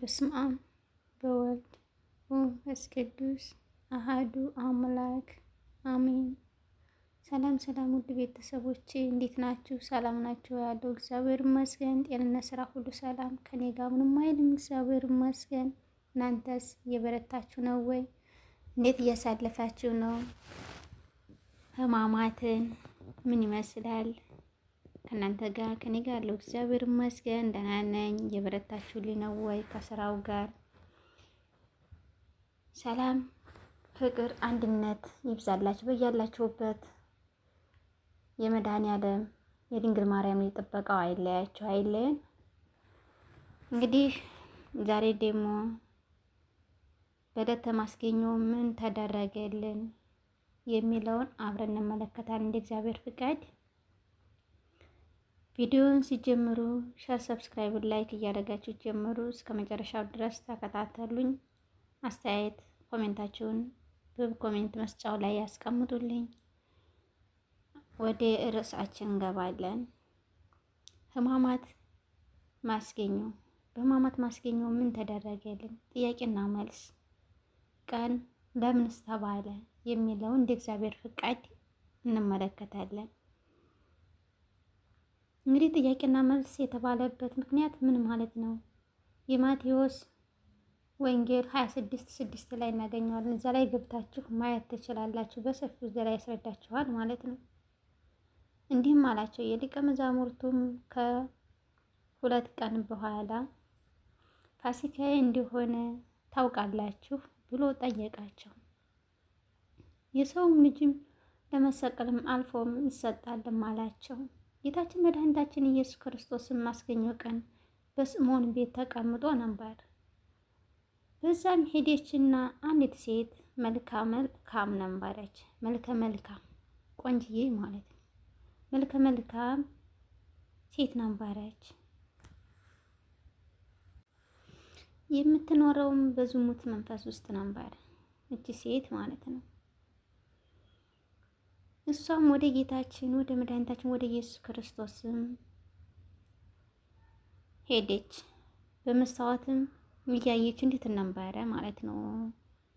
በስመ አብ በወልድ ወመንፈስ ቅዱስ አሃዱ አምላክ አሜን። ሰላም ሰላም፣ ውድ ቤተሰቦች እንዴት ናችሁ? ሰላም ናችሁ? ያለው እግዚአብሔር ይመስገን። ጤንነት፣ ስራ ሁሉ ሰላም ከኔ ጋር ምንም አይልም፣ እግዚአብሔር ይመስገን። እናንተስ እየበረታችሁ ነው ወይ? እንዴት እያሳለፋችሁ ነው? ህማማትን ምን ይመስላል? ከእናንተ ጋር ከኔ ጋር ያለው እግዚአብሔር ይመስገን ደህና ነኝ። የበረታችሁልኝ ነው ወይ? ከስራው ጋር ሰላም፣ ፍቅር፣ አንድነት ይብዛላችሁ በያላችሁበት። የመድኃኔዓለም የድንግል ማርያም የጠበቀው አይለያችሁ፣ አይለን። እንግዲህ ዛሬ ደግሞ በዕለተ ማክሰኞ ምን ተደረገልን የሚለውን አብረን እንመለከታለን እንደ እግዚአብሔር ፍቃድ ቪዲዮውን ሲጀምሩ ሸር፣ ሰብስክራይብ፣ ላይክ እያደረጋችሁ ጀምሩ። እስከ መጨረሻው ድረስ ተከታተሉኝ። አስተያየት ኮሜንታችሁን ብብ ኮሜንት መስጫው ላይ ያስቀምጡልኝ። ወደ ርዕሳችን እንገባለን። ህማማት ማስገኙ በህማማት ማስገኙ ምን ተደረገልን? ጥያቄና መልስ ቀን ለምንስ ተባለ የሚለውን እንደ እግዚአብሔር ፍቃድ እንመለከታለን። እንግዲህ ጥያቄና መልስ የተባለበት ምክንያት ምን ማለት ነው? የማቴዎስ ወንጌል 26 ስድስት ላይ እናገኘዋለን። እዛ ላይ ገብታችሁ ማየት ትችላላችሁ። በሰፊው እዛ ላይ ያስረዳችኋል ማለት ነው። እንዲህም አላቸው የሊቀ መዛሙርቱም ከሁለት ቀን በኋላ ፋሲካዬ እንደሆነ ታውቃላችሁ ብሎ ጠየቃቸው። የሰውም ልጅም ለመሰቀልም አልፎም ይሰጣልም አላቸው። ጌታችን መድኃኒታችን ኢየሱስ ክርስቶስን ማስገኘው ቀን በስምዖን ቤት ተቀምጦ ነበር። በዛም ሄደችና አንዲት ሴት መልካ መልካም ነበረች። መልከ መልካም ቆንጅዬ ማለት ነው። መልከ መልካም ሴት ነበረች። የምትኖረውም በዝሙት መንፈስ ውስጥ ነበር እቺ ሴት ማለት ነው። እሷም ወደ ጌታችን ወደ መድኃኒታችን ወደ ኢየሱስ ክርስቶስም ሄደች። በመስታወትም እያየች እንዴት እናንባረ ማለት ነው።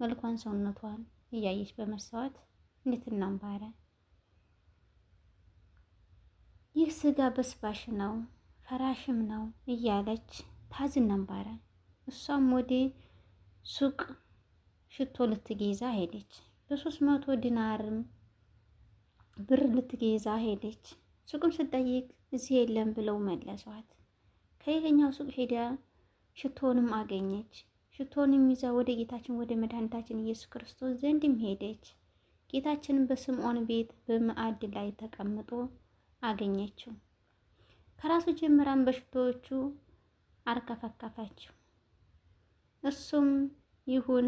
መልኳን ሰውነቷን እያየች በመስታወት እንዴት እናንባረ ይህ ስጋ በስባሽ ነው ፈራሽም ነው እያለች ታዝን ነበረ። እሷም ወደ ሱቅ ሽቶ ልትገዛ ሄደች። በሶስት መቶ ዲናርም ብር ልትገዛ ሄደች። ሱቁም ስጠይቅ እዚህ የለም ብለው መለሷት። ከየትኛው ሱቅ ሄዳ ሽቶንም አገኘች። ሽቶንም ይዛ ወደ ጌታችን ወደ መድኃኒታችን ኢየሱስ ክርስቶስ ዘንድም ሄደች። ጌታችንም በስምዖን ቤት በማዕድ ላይ ተቀምጦ አገኘችው። ከራሱ ጀምራን በሽቶዎቹ አርከፈከፈችው። እሱም ይሁን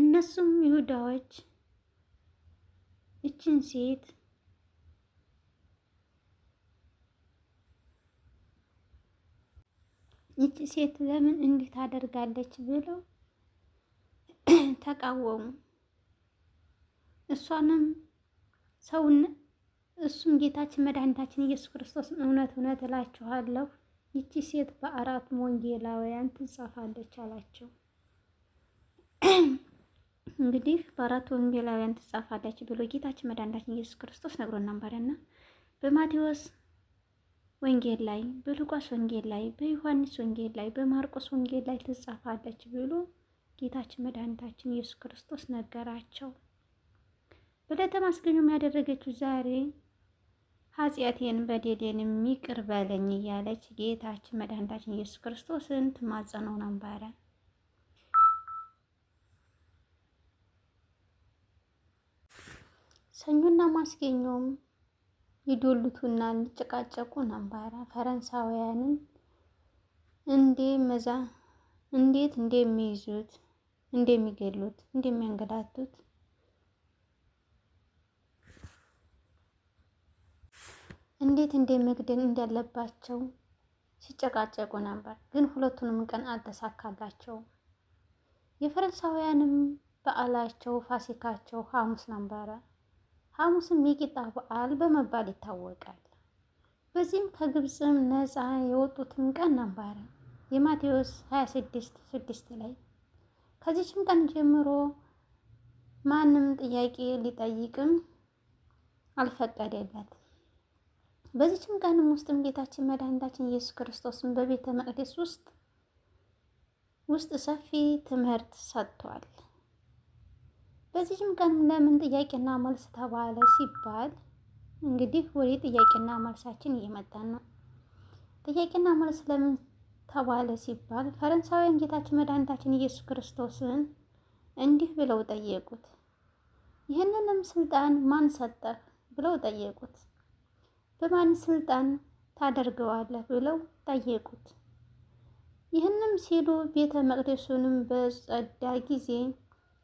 እነሱም ይሁዳዎች ይችን ሴት ይቺ ሴት ለምን እንዲህ ታደርጋለች ብለው ተቃወሙ። እሷንም ሰውን እሱም ጌታችን መድኃኒታችን ኢየሱስ ክርስቶስን እውነት እውነት እላችኋለሁ ይቺ ሴት በአራት ወንጌላውያን ትጻፋለች አላቸው። እንግዲህ በአራት ወንጌላውያን ትጻፋለች ብሎ ጌታችን መድኃኒታችን ኢየሱስ ክርስቶስ ነግሮናል ባለና በማቴዎስ ወንጌል ላይ በሉቃስ ወንጌል ላይ በዮሐንስ ወንጌል ላይ በማርቆስ ወንጌል ላይ ትጻፋለች ብሎ ጌታችን መድኃኒታችን ኢየሱስ ክርስቶስ ነገራቸው። በዕለተ ማስገኘም ያደረገችው ዛሬ ኃጢአቴን በደሌንም ይቅር በለኝ እያለች ጌታችን መድኃኒታችን ኢየሱስ ክርስቶስን ትማጸነው ነበረ። ሰኞና ማክሰኞም ይዶሉቱና ይጨቃጨቁ ነበረ። ፈረንሳውያንን እንዴ መዛ እንዴት እንደሚይዙት እንደሚገሉት፣ እንደሚያንገላቱት እንዴት እንደመግደል እንዳለባቸው ሲጨቃጨቁ ነበር። ግን ሁለቱንም ቀን አልተሳካላቸውም። የፈረንሳውያንም በዓላቸው ፋሲካቸው ሐሙስ ነበረ። ሐሙስም የቂጣ በዓል በመባል ይታወቃል። በዚህም ከግብፅም ነፃ የወጡትም ቀን ነበረ የማቴዎስ 26 ስድስት ላይ ከዚችም ቀን ጀምሮ ማንም ጥያቄ ሊጠይቅም አልፈቀደለት። በዚችም ቀንም ውስጥም ጌታችን መድኃኒታችን ኢየሱስ ክርስቶስን በቤተ መቅደስ ውስጥ ውስጥ ሰፊ ትምህርት ሰጥቷል። በዚህም ቀን ለምን ጥያቄና መልስ ተባለ ሲባል እንግዲህ ወደ ጥያቄና መልሳችን እየመጣን ነው። ጥያቄና መልስ ለምን ተባለ ሲባል ፈረንሳዊያን ጌታችን መድኃኒታችን ኢየሱስ ክርስቶስን እንዲህ ብለው ጠየቁት። ይህንንም ስልጣን ማን ሰጠህ ብለው ጠየቁት። በማን ስልጣን ታደርገዋለህ ብለው ጠየቁት። ይህንም ሲሉ ቤተ መቅደሱንም በጸዳ ጊዜ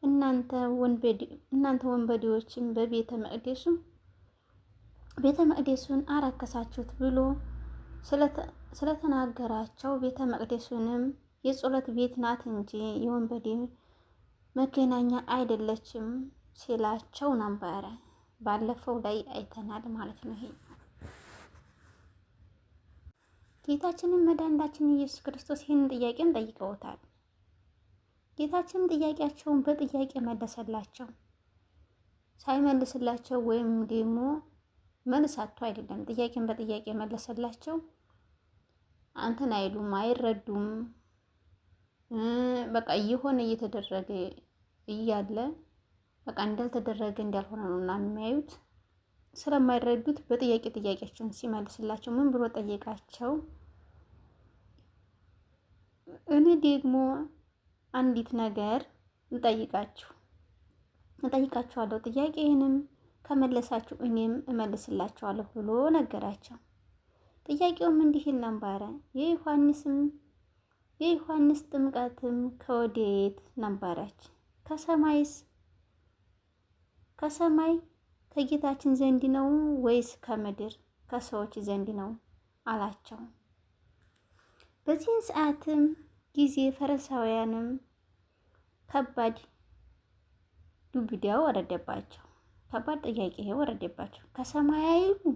እናንተ ወንበዴዎችን በቤተ መቅደሱ ቤተ መቅደሱን አረከሳችሁት ብሎ ስለተናገራቸው ቤተ መቅደሱንም የጸሎት ቤት ናት እንጂ የወንበዴ መገናኛ አይደለችም ሲላቸው ነበረ። ባለፈው ላይ አይተናል ማለት ነው። ይሄ ጌታችንን መድኃኒታችን ኢየሱስ ክርስቶስ ይህንን ጥያቄን ጠይቀውታል። ጌታችንም ጥያቄያቸውን በጥያቄ መለሰላቸው። ሳይመልስላቸው ወይም ደግሞ መልስ አጥቶ አይደለም፣ ጥያቄን በጥያቄ መለሰላቸው። አንተን አይሉም፣ አይረዱም። በቃ እየሆነ እየተደረገ እያለ በቃ እንዳልተደረገ እንዳልሆነ ነው እና የሚያዩት ስለማይረዱት በጥያቄ ጥያቄያቸውን ሲመልስላቸው ምን ብሎ ጠየቃቸው? እኔ ደግሞ አንዲት ነገር እንጠይቃችሁ እጠይቃችኋለሁ ጥያቄ ይህንም ከመለሳችሁ እኔም እመልስላችኋለሁ ብሎ ነገራቸው። ጥያቄውም እንዲህ ነበረ፣ የዮሐንስም የዮሐንስ ጥምቀትም ከወዴት ነበረች? ከሰማይስ ከሰማይ ከጌታችን ዘንድ ነው ወይስ ከምድር ከሰዎች ዘንድ ነው አላቸው። በዚህን ሰዓትም ጊዜ ፈረንሳውያንም ከባድ ዱብዳ ወረደባቸው። ከባድ ጥያቄ ወረደባቸው። ከሰማያዊው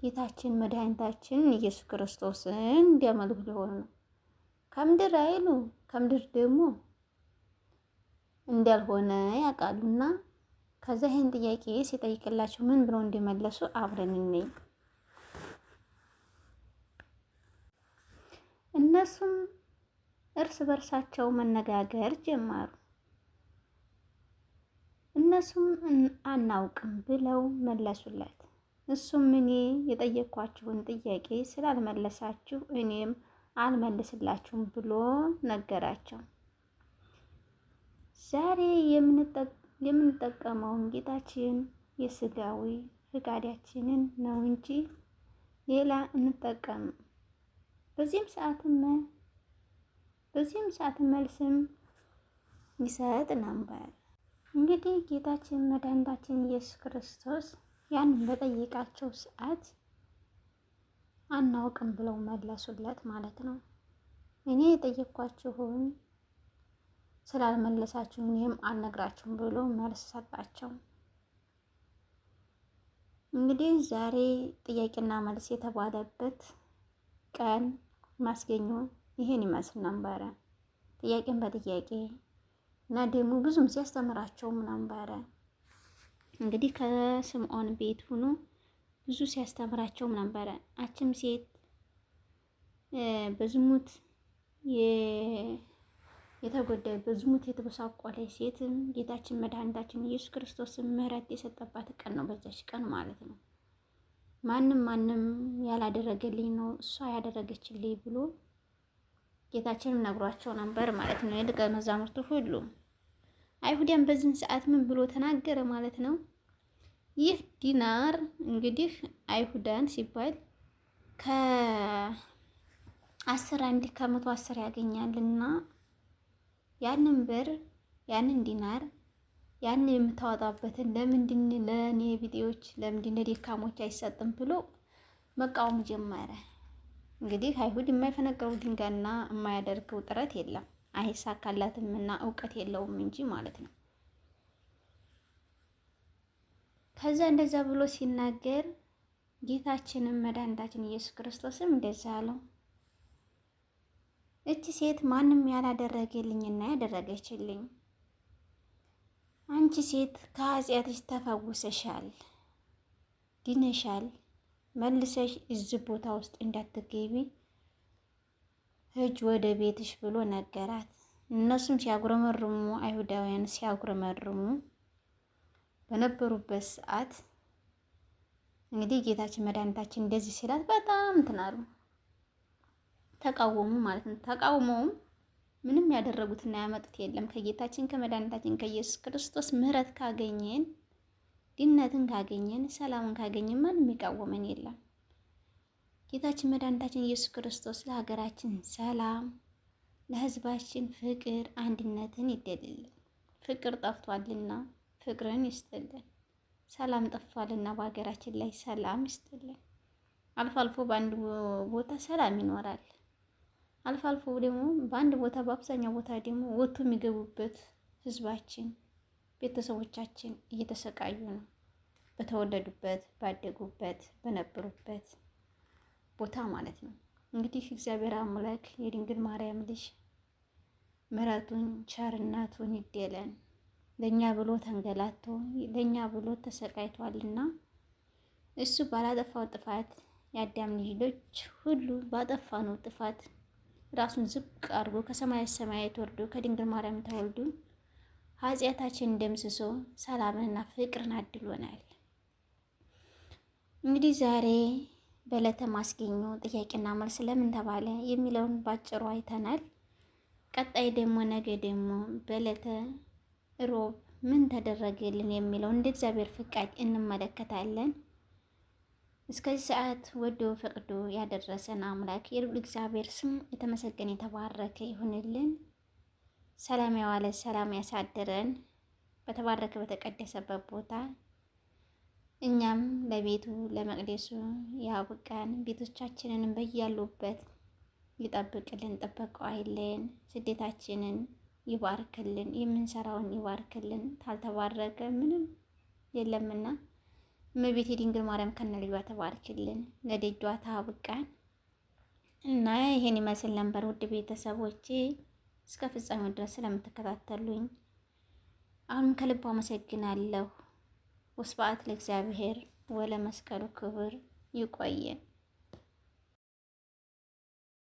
ጌታችን መድኃኒታችን ኢየሱስ ክርስቶስን እንዲያመልኩ ሊሆኑ ነው። ከምድር አይሉ ከምድር ደግሞ እንዳልሆነ ያውቃሉና ከዛ ይህን ጥያቄ ሲጠይቅላቸው ምን ብለው እንዲመለሱ አብረን እንይ። እነሱም እርስ በርሳቸው መነጋገር ጀመሩ። እነሱም አናውቅም ብለው መለሱለት። እሱም እኔ የጠየኳችሁን ጥያቄ ስላልመለሳችሁ እኔም አልመልስላችሁም ብሎ ነገራቸው። ዛሬ የምንጠቀመውን ጌጣችን የስጋዊ ፍቃዳችንን ነው እንጂ ሌላ እንጠቀም። በዚህም ሰዓትም በዚህም ሰዓት መልስም ይሰጥ ነበር። እንግዲህ ጌታችን መድኃኒታችን ኢየሱስ ክርስቶስ ያንን በጠየቃቸው ሰዓት አናውቅም ብለው መለሱለት ማለት ነው። እኔ የጠየኳችሁን ስላልመለሳችሁ እኔም አልነግራችሁም ብሎ መልስ ሰጣቸው። እንግዲህ ዛሬ ጥያቄና መልስ የተባለበት ቀን ማስገኘው ይሄን ይመስል ነበረ። ጥያቄን በጥያቄ እና ደግሞ ብዙም ሲያስተምራቸውም ነበረ። እንግዲህ ከስምዖን ቤት ሁኖ ብዙ ሲያስተምራቸውም ነበረ። አችም ሴት በዝሙት የተጎዳይ በዝሙት የተበሳቆለ ሴት ጌታችን መድኃኒታችን ኢየሱስ ክርስቶስን ምሕረት የሰጠባት ቀን ነው። በዛች ቀን ማለት ነው። ማንም ማንም ያላደረገልኝ ነው እሷ ያደረገችልኝ ብሎ ጌታችንም ነግሯቸው ነበር ማለት ነው። የደቀ መዛሙርቱ ሁሉ አይሁዳን በዚህን ሰዓት ምን ብሎ ተናገረ ማለት ነው። ይህ ዲናር እንግዲህ አይሁዳን ሲባል ከአስር አንድ ከመቶ አስር ያገኛልና ያንን ብር ያንን ዲናር ያን የምታወጣበትን ለምንድን ለኔ ቢጤዎች ለምንድን ደካሞች አይሰጥም ብሎ መቃወም ጀመረ። እንግዲህ አይሁድ የማይፈነቅለው ድንጋይና የማያደርገው ጥረት የለም። አይሳካላትም እና እውቀት የለውም እንጂ ማለት ነው። ከዛ እንደዛ ብሎ ሲናገር ጌታችንም መድኃኒታችን ኢየሱስ ክርስቶስም እንደዛ አለው፣ እቺ ሴት ማንም ያላደረገልኝና ያደረገችልኝ አንቺ ሴት ከኃጢአትሽ ተፈውሰሻል፣ ድነሻል መልሰሽ እዚህ ቦታ ውስጥ እንዳትገቢ ህጅ ወደ ቤትሽ ብሎ ነገራት። እነሱም ሲያጉረመርሙ አይሁዳውያን ሲያጉረመርሙ በነበሩበት ሰዓት እንግዲህ ጌታችን መድኃኒታችን እንደዚህ ሲላት በጣም ትናሉ ተቃወሙ ማለት ነው። ተቃውመውም ምንም ያደረጉትና ያመጡት የለም ከጌታችን ከመድኃኒታችን ከኢየሱስ ክርስቶስ ምሕረት ካገኘን ድነትን ካገኘን ሰላምን ካገኘን ማን የሚቃወመን የለም። ጌታችን መድኃኒታችን ኢየሱስ ክርስቶስ ለሀገራችን ሰላም፣ ለህዝባችን ፍቅር፣ አንድነትን ይደልልን። ፍቅር ጠፍቷልና ፍቅርን ይስጥልን። ሰላም ጠፍቷልና በሀገራችን ላይ ሰላም ይስጥልን። አልፎ አልፎ በአንድ ቦታ ሰላም ይኖራል። አልፎ አልፎ ደግሞ በአንድ ቦታ በአብዛኛው ቦታ ደግሞ ወጥቶ የሚገቡበት ህዝባችን ቤተሰቦቻችን እየተሰቃዩ ነው። በተወለዱበት ባደጉበት በነበሩበት ቦታ ማለት ነው። እንግዲህ እግዚአብሔር አምላክ የድንግል ማርያም ልጅ ምሕረቱን ቸርነቱን ይደለን። ለእኛ ብሎ ተንገላቶ ለእኛ ብሎ ተሰቃይቷልና እሱ ባላጠፋው ጥፋት የአዳም ልጆች ሁሉ ባጠፋነው ጥፋት ራሱን ዝቅ አድርጎ ከሰማይ ሰማያት ወርዶ ከድንግል ማርያም ተወልዶ ኃጢአታችን ደምስሶ ሰላምንና ፍቅርን አድሎናል። እንግዲህ ዛሬ በለተ ማስገኘ ጥያቄና መልስ ለምን ተባለ የሚለውን ባጭሩ አይተናል። ቀጣይ ደግሞ ነገ ደግሞ በለተ ሮብ ምን ተደረገልን የሚለው እንደ እግዚአብሔር ፍቃድ እንመለከታለን። እስከዚህ ሰዓት ወዶ ፈቅዶ ያደረሰን አምላክ የልዑል እግዚአብሔር ስም የተመሰገነ የተባረከ ይሁንልን። ሰላም ያዋለ ሰላም ያሳድረን። በተባረከ በተቀደሰበት ቦታ እኛም ለቤቱ ለመቅደሱ ያብቃን። ቤቶቻችንንም በያሉበት ይጠብቅልን፣ ጥበቃው አይለየን። ስደታችንን ይባርክልን፣ የምንሰራውን ይባርክልን። ታልተባረከ ምንም የለምና እመቤቴ ድንግል ማርያም ከነልጇ ተባርክልን፣ ለደጇ ታብቃን እና ይሄን ይመስል ነበር ውድ ቤተሰቦቼ እስከ ፍጻሜው ድረስ ስለምትከታተሉኝ አሁንም ከልብ አመሰግናለሁ። ወስብሐት ለእግዚአብሔር ወለመስቀሉ ክብር ይቆየን።